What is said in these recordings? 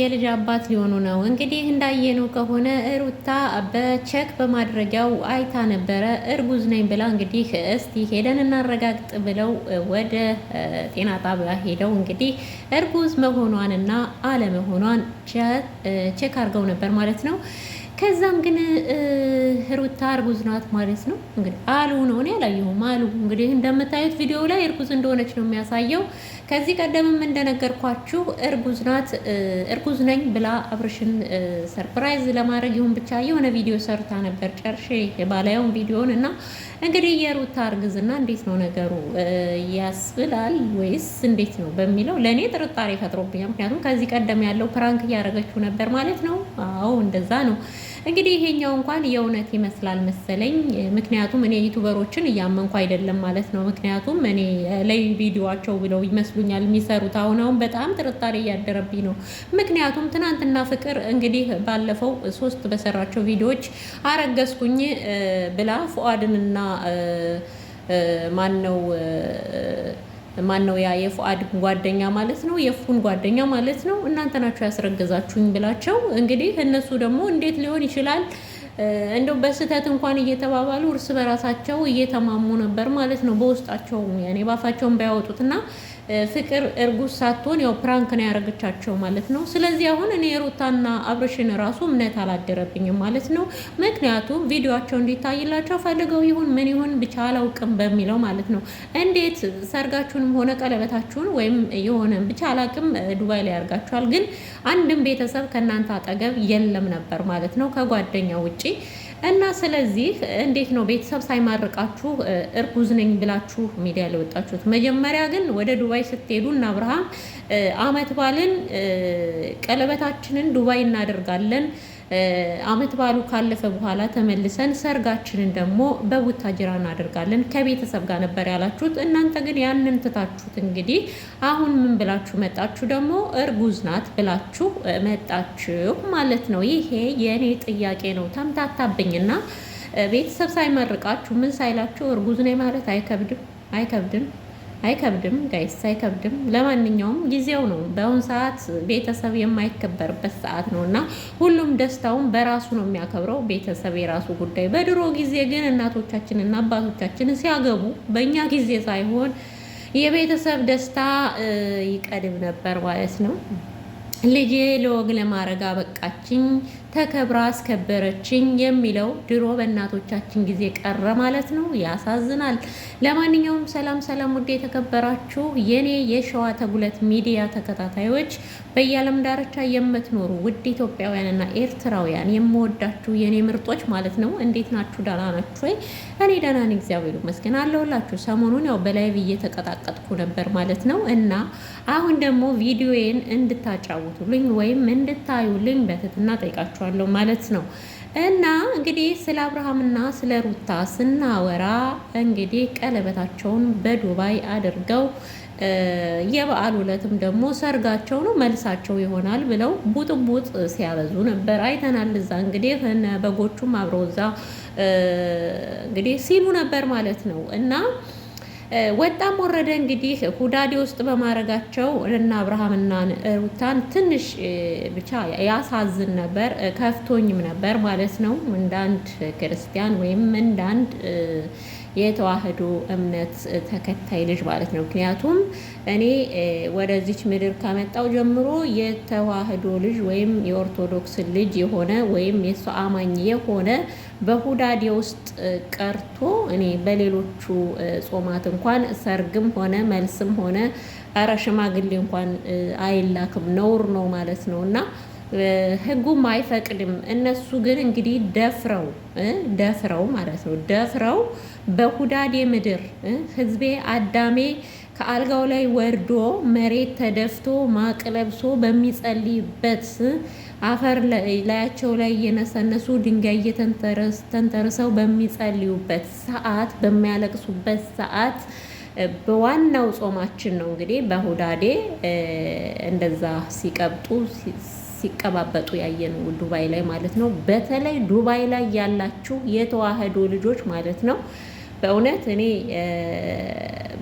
የልጅ አባት ሊሆኑ ነው። እንግዲህ እንዳየነው ከሆነ ሩታ በቼክ በማድረጊያው አይታ ነበረ እርጉዝ ነኝ ብላ እንግዲህ እስቲ ሄደን እናረጋግጥ ብለው ወደ ጤና ጣቢያ ሄደው እንግዲህ እርጉዝ መሆኗንና አለመሆኗን ቼክ አድርገው ነበር ማለት ነው። ከዛም ግን ሩታ እርጉዝ ናት ማለት ነው። እንግዲህ አሉ ነው እኔ አላየሁም አሉ። እንግዲህ እንደምታዩት ቪዲዮ ላይ እርጉዝ እንደሆነች ነው የሚያሳየው። ከዚህ ቀደምም እንደነገርኳችሁ እርጉዝ ናት እርጉዝ ነኝ ብላ አብርሽን ሰርፕራይዝ ለማድረግ ይሁን ብቻ የሆነ ቪዲዮ ሰርታ ነበር። ጨርሼ የባላየውን ቪዲዮን እና እንግዲህ የሩታ እርግዝና እንዴት ነው ነገሩ ያስብላል ወይስ እንዴት ነው በሚለው ለእኔ ጥርጣሬ ፈጥሮብኛል። ምክንያቱም ከዚህ ቀደም ያለው ፕራንክ እያደረገችው ነበር ማለት ነው። አዎ እንደዛ ነው። እንግዲህ ይሄኛው እንኳን የእውነት ይመስላል መሰለኝ። ምክንያቱም እኔ ዩቱበሮችን እያመንኩ አይደለም ማለት ነው። ምክንያቱም እኔ ላይ ቪዲዮቸው ብለው ይመስሉኛል የሚሰሩት። አሁን አሁን በጣም ጥርጣሬ እያደረብኝ ነው። ምክንያቱም ትናንትና ፍቅር እንግዲህ ባለፈው ሶስት በሰራቸው ቪዲዮዎች አረገዝኩኝ ብላ ፉአድንና ማን ነው ማን ነው ያ የፉአድ ጓደኛ ማለት ነው የፉን ጓደኛ ማለት ነው እናንተ ናችሁ ያስረገዛችሁኝ ብላቸው እንግዲህ እነሱ ደግሞ እንዴት ሊሆን ይችላል እንደው በስህተት እንኳን እየተባባሉ እርስ በራሳቸው እየተማሙ ነበር ማለት ነው በውስጣቸው ያኔ ባፋቸውን ባያወጡትና ፍቅር እርጉዝ ሳትሆን ያው ፕራንክ ነው ያደረገቻቸው ማለት ነው። ስለዚህ አሁን እኔ ሩታና አብርሽን ራሱ እምነት አላደረብኝም ማለት ነው። ምክንያቱም ቪዲዮቸው እንዲታይላቸው ፈልገው ይሁን ምን ይሁን ብቻ አላውቅም በሚለው ማለት ነው። እንዴት ሰርጋችሁንም ሆነ ቀለበታችሁን ወይም የሆነ ብቻ አላውቅም ዱባይ ላይ ያርጋችኋል፣ ግን አንድም ቤተሰብ ከእናንተ አጠገብ የለም ነበር ማለት ነው ከጓደኛ ውጪ እና ስለዚህ እንዴት ነው ቤተሰብ ሳይማርቃችሁ እርጉዝ ነኝ ብላችሁ ሚዲያ ላይ ወጣችሁት? መጀመሪያ ግን ወደ ዱባይ ስትሄዱ እና አብርሃም አመት ባልን ቀለበታችንን ዱባይ እናደርጋለን አመት በዓሉ ካለፈ በኋላ ተመልሰን ሰርጋችንን ደግሞ በቡታጅራ እናደርጋለን ከቤተሰብ ጋር ነበር ያላችሁት። እናንተ ግን ያንን ትታችሁት እንግዲህ አሁን ምን ብላችሁ መጣችሁ? ደግሞ እርጉዝ ናት ብላችሁ መጣችሁ ማለት ነው። ይሄ የእኔ ጥያቄ ነው። ተምታታብኝና ቤተሰብ ሳይመርቃችሁ ምን ሳይላችሁ እርጉዝ ነኝ ማለት አይከብድም? አይከብድም አይከብድም ጋይስ አይከብድም። ለማንኛውም ጊዜው ነው። በአሁን ሰዓት ቤተሰብ የማይከበርበት ሰዓት ነው እና ሁሉም ደስታውን በራሱ ነው የሚያከብረው። ቤተሰብ የራሱ ጉዳይ። በድሮ ጊዜ ግን እናቶቻችንና አባቶቻችን ሲያገቡ በእኛ ጊዜ ሳይሆን የቤተሰብ ደስታ ይቀድም ነበር ማለት ነው። ልጄ ለወግ ለማድረግ አበቃችኝ ተከብራ አስከበረችኝ የሚለው ድሮ በእናቶቻችን ጊዜ ቀረ ማለት ነው። ያሳዝናል። ለማንኛውም ሰላም ሰላም፣ ውድ የተከበራችሁ የኔ የሸዋ ተጉለት ሚዲያ ተከታታዮች፣ በየዓለም ዳርቻ የምትኖሩ ውድ ኢትዮጵያውያንና ኤርትራውያን የምወዳችሁ የኔ ምርጦች ማለት ነው። እንዴት ናችሁ? ደህና ናችሁ ወይ? እኔ ደህና ነኝ፣ እግዚአብሔር ይመስገን አለሁላችሁ። ሰሞኑን ያው በላይቭ እየተቀጣቀጥኩ ነበር ማለት ነው እና አሁን ደግሞ ቪዲዮዬን እንድታጫውቱልኝ ወይም እንድታዩልኝ በትህትና ጠይቃችኋለሁ ማለት ነው። እና እንግዲህ ስለ አብርሃምና ስለ ሩታ ስናወራ እንግዲህ ቀለበታቸውን በዱባይ አድርገው የበዓል ዕለትም ደግሞ ሰርጋቸው ነው መልሳቸው ይሆናል ብለው ቡጥቡጥ ሲያበዙ ነበር፣ አይተናል። እዛ እንግዲህ በጎቹም አብረው እዛ እንግዲህ ሲሉ ነበር ማለት ነው እና ወጣም ወረደ እንግዲህ ሁዳዴ ውስጥ በማድረጋቸው እና አብርሃምና ሩታን ትንሽ ብቻ ያሳዝን ነበር፣ ከፍቶኝም ነበር ማለት ነው እንዳንድ ክርስቲያን ወይም እንዳንድ የተዋህዶ እምነት ተከታይ ልጅ ማለት ነው። ምክንያቱም እኔ ወደዚች ምድር ከመጣው ጀምሮ የተዋህዶ ልጅ ወይም የኦርቶዶክስ ልጅ የሆነ ወይም የሱ አማኝ የሆነ በሁዳዴ ውስጥ ቀርቶ እኔ በሌሎቹ ጾማት እንኳን ሰርግም ሆነ መልስም ሆነ እረ ሽማግሌ እንኳን አይላክም፣ ነውር ነው ማለት ነው እና ህጉም አይፈቅድም። እነሱ ግን እንግዲህ ደፍረው ደፍረው ማለት ነው ደፍረው በሁዳዴ ምድር ህዝቤ አዳሜ ከአልጋው ላይ ወርዶ መሬት ተደፍቶ ማቅ ለብሶ በሚጸልይበት አፈር ላያቸው ላይ እየነሰነሱ ድንጋይ እየተንተርሰው በሚጸልዩበት ሰዓት በሚያለቅሱበት ሰዓት በዋናው ጾማችን ነው እንግዲህ በሁዳዴ እንደዛ ሲቀብጡ ሲቀባበጡ ያየነው ዱባይ ላይ ማለት ነው። በተለይ ዱባይ ላይ ያላችሁ የተዋህዶ ልጆች ማለት ነው። በእውነት እኔ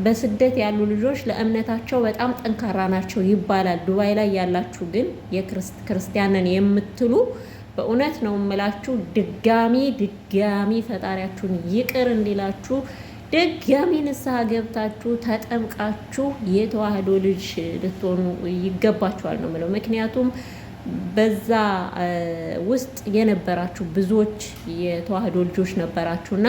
በስደት ያሉ ልጆች ለእምነታቸው በጣም ጠንካራ ናቸው ይባላል። ዱባይ ላይ ያላችሁ ግን የክርስቲያንን የምትሉ በእውነት ነው የምላችሁ፣ ድጋሚ ድጋሚ ፈጣሪያችሁን ይቅር እንዲላችሁ ድጋሚ ንስሐ ገብታችሁ ተጠምቃችሁ የተዋህዶ ልጅ ልትሆኑ ይገባችኋል ነው የምለው ምክንያቱም በዛ ውስጥ የነበራችሁ ብዙዎች የተዋህዶ ልጆች ነበራችሁና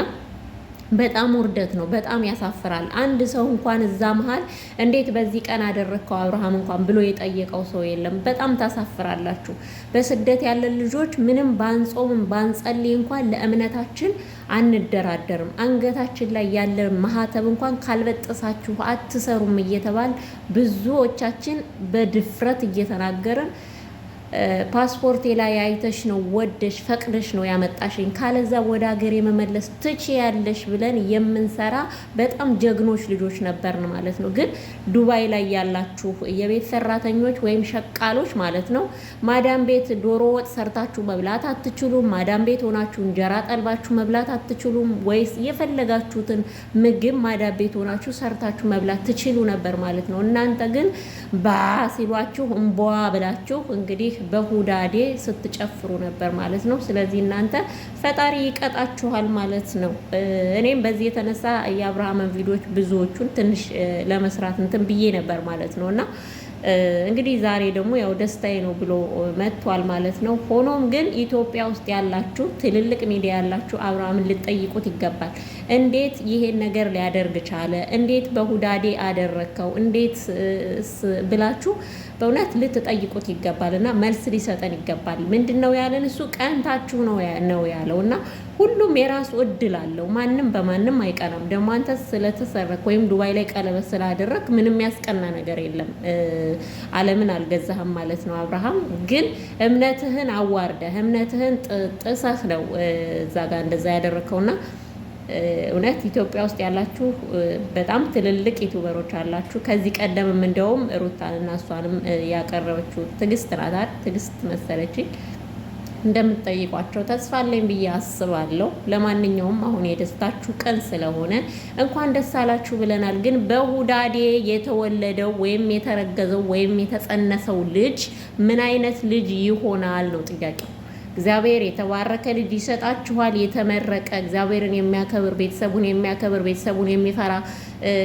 በጣም ውርደት ነው። በጣም ያሳፍራል። አንድ ሰው እንኳን እዛ መሀል እንዴት በዚህ ቀን አደረግከው አብርሃም እንኳን ብሎ የጠየቀው ሰው የለም። በጣም ታሳፍራላችሁ። በስደት ያለን ልጆች ምንም ባንጾምም ባንጸልይ እንኳን ለእምነታችን አንደራደርም። አንገታችን ላይ ያለ ማህተብ እንኳን ካልበጠሳችሁ አትሰሩም እየተባል ብዙዎቻችን በድፍረት እየተናገርን ፓስፖርቴ ላይ አይተሽ ነው ወደሽ ፈቅደሽ ነው ያመጣሽኝ፣ ካለዛ ወደ ሀገር የመመለስ ትች ያለሽ ብለን የምንሰራ በጣም ጀግኖች ልጆች ነበርን ማለት ነው። ግን ዱባይ ላይ ያላችሁ የቤት ሰራተኞች ወይም ሸቃሎች ማለት ነው፣ ማዳም ቤት ዶሮ ወጥ ሰርታችሁ መብላት አትችሉም? ማዳም ቤት ሆናችሁ እንጀራ ጠልባችሁ መብላት አትችሉም? ወይስ የፈለጋችሁትን ምግብ ማዳም ቤት ሆናችሁ ሰርታችሁ መብላት ትችሉ ነበር ማለት ነው። እናንተ ግን ባ ሲሏችሁ እምቧ ብላችሁ እንግዲህ በሁዳዴ ስትጨፍሩ ነበር ማለት ነው። ስለዚህ እናንተ ፈጣሪ ይቀጣችኋል ማለት ነው። እኔም በዚህ የተነሳ የአብርሃምን ቪዲዮዎች ብዙዎቹን ትንሽ ለመስራት እንትን ብዬ ነበር ማለት ነው እና እንግዲህ ዛሬ ደግሞ ያው ደስታዬ ነው ብሎ መጥቷል ማለት ነው። ሆኖም ግን ኢትዮጵያ ውስጥ ያላችሁ ትልልቅ ሚዲያ ያላችሁ አብርሃምን ልጠይቁት ይገባል። እንዴት ይሄን ነገር ሊያደርግ ቻለ? እንዴት በሁዳዴ አደረግከው? እንዴት ብላችሁ በእውነት ልትጠይቁት ይገባል እና መልስ ሊሰጠን ይገባል። ምንድን ነው ያለን? እሱ ቀንታችሁ ነው ያለው እና ሁሉም የራሱ እድል አለው። ማንም በማንም አይቀናም። ደግሞ አንተ ስለተሰረክ ወይም ዱባይ ላይ ቀለበት ስላደረግ ምንም ያስቀና ነገር የለም። ዓለምን አልገዛህም ማለት ነው አብርሃም። ግን እምነትህን አዋርደህ እምነትህን ጥሰህ ነው እዛ ጋር እንደዛ ያደረግከውና እውነት ኢትዮጵያ ውስጥ ያላችሁ በጣም ትልልቅ ዩቱበሮች አላችሁ። ከዚህ ቀደምም እንደውም ሩታንና እሷንም ያቀረበችው ትግስት ናታ ትግስት መሰለችኝ እንደምትጠይቋቸው ተስፋ አለኝ ብዬ አስባለሁ። ለማንኛውም አሁን የደስታችሁ ቀን ስለሆነ እንኳን ደስ አላችሁ ብለናል። ግን በሁዳዴ የተወለደው ወይም የተረገዘው ወይም የተጸነሰው ልጅ ምን አይነት ልጅ ይሆናል ነው ጥያቄው። እግዚአብሔር የተባረከ ልጅ ይሰጣችኋል። የተመረቀ እግዚአብሔርን የሚያከብር ቤተሰቡን የሚያከብር ቤተሰቡን የሚፈራ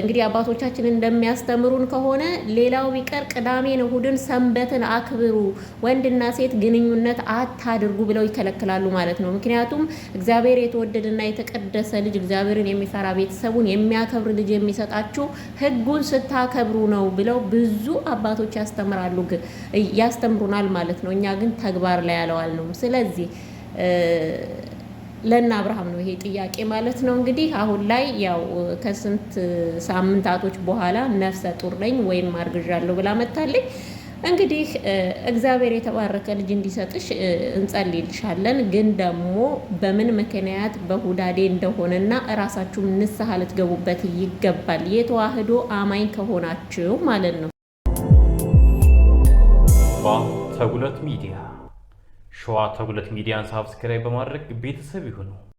እንግዲህ አባቶቻችን እንደሚያስተምሩን ከሆነ ሌላው ቢቀር ቅዳሜን እሁድን ሰንበትን አክብሩ፣ ወንድና ሴት ግንኙነት አታድርጉ ብለው ይከለክላሉ ማለት ነው። ምክንያቱም እግዚአብሔር የተወደደና የተቀደሰ ልጅ እግዚአብሔርን የሚፈራ ቤተሰቡን የሚያከብር ልጅ የሚሰጣችሁ ሕጉን ስታከብሩ ነው ብለው ብዙ አባቶች ያስተምራሉ ያስተምሩናል ማለት ነው። እኛ ግን ተግባር ላይ ያለዋል ነው። ስለዚህ ለእነ አብርሃም ነው ይሄ ጥያቄ ማለት ነው። እንግዲህ አሁን ላይ ያው ከስንት ሳምንታቶች በኋላ ነፍሰ ጡር ነኝ ወይም አርግዣለሁ ብላ መታለኝ። እንግዲህ እግዚአብሔር የተባረከ ልጅ እንዲሰጥሽ እንጸልይልሻለን። ግን ደግሞ በምን ምክንያት በሁዳዴ እንደሆነና እራሳችሁም ንስሐ ልትገቡበት ይገባል፣ የተዋህዶ አማኝ ከሆናችሁ ማለት ነው። ተጉለት ሚዲያ ሸዋ ተጉለት ሚዲያን ሳብስክራይብ በማድረግ ቤተሰብ ይሁኑ።